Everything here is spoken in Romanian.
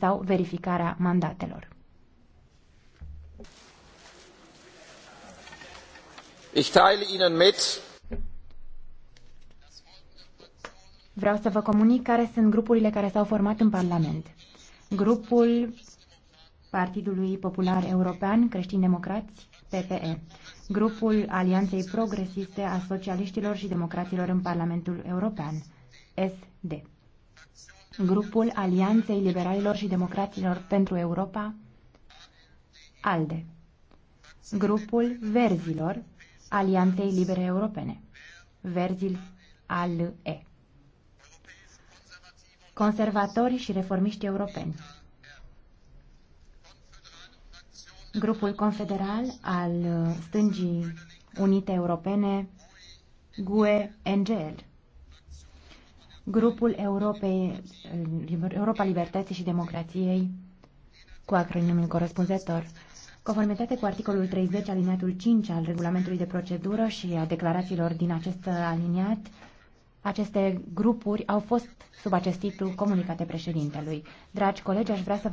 sau verificarea mandatelor. Ich teile Ihnen mit. Vreau să vă comunic care sunt grupurile care s-au format în Parlament. Grupul Partidului Popular European Creștin Democrați, PPE. Grupul Alianței Progresiste a Socialiștilor și Democraților în Parlamentul European, SD grupul Alianței Liberalilor și Democraților pentru Europa, ALDE, grupul Verzilor, Alianței Libere Europene, Verzil ALE, conservatori și reformiști europeni, grupul confederal al Stângii Unite Europene, GUE-NGL, Grupul Europei, Europa Libertății și Democrației, cu acronimul corespunzător, conformitate cu articolul 30 aliniatul 5 al regulamentului de procedură și a declarațiilor din acest aliniat, aceste grupuri au fost sub acest titlu comunicate președintelui. Dragi colegi, aș vrea să